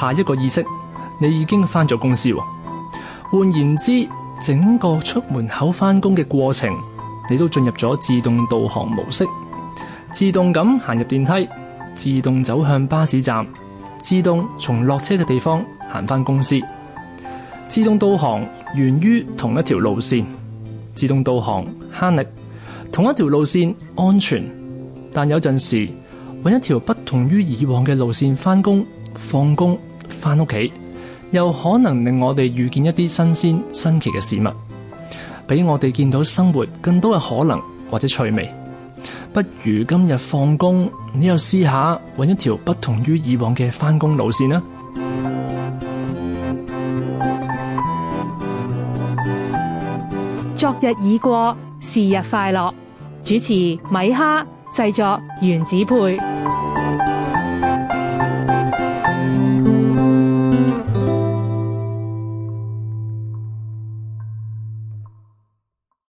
下一個意識，你已經翻咗公司。換言之，整個出門口翻工嘅過程，你都進入咗自動導航模式，自動咁行入電梯，自動走向巴士站，自動從落車嘅地方行翻公司。自動導航源於同一條路線，自動導航慳力，同一條路線安全，但有陣時搵一條不同於以往嘅路線翻工。放工返屋企，又可能令我哋遇見一啲新鮮新奇嘅事物，俾我哋見到生活更多嘅可能或者趣味。不如今日放工，你又試下揾一條不同於以往嘅返工路線啦。昨日已過，是日快樂。主持米哈，製作原子配。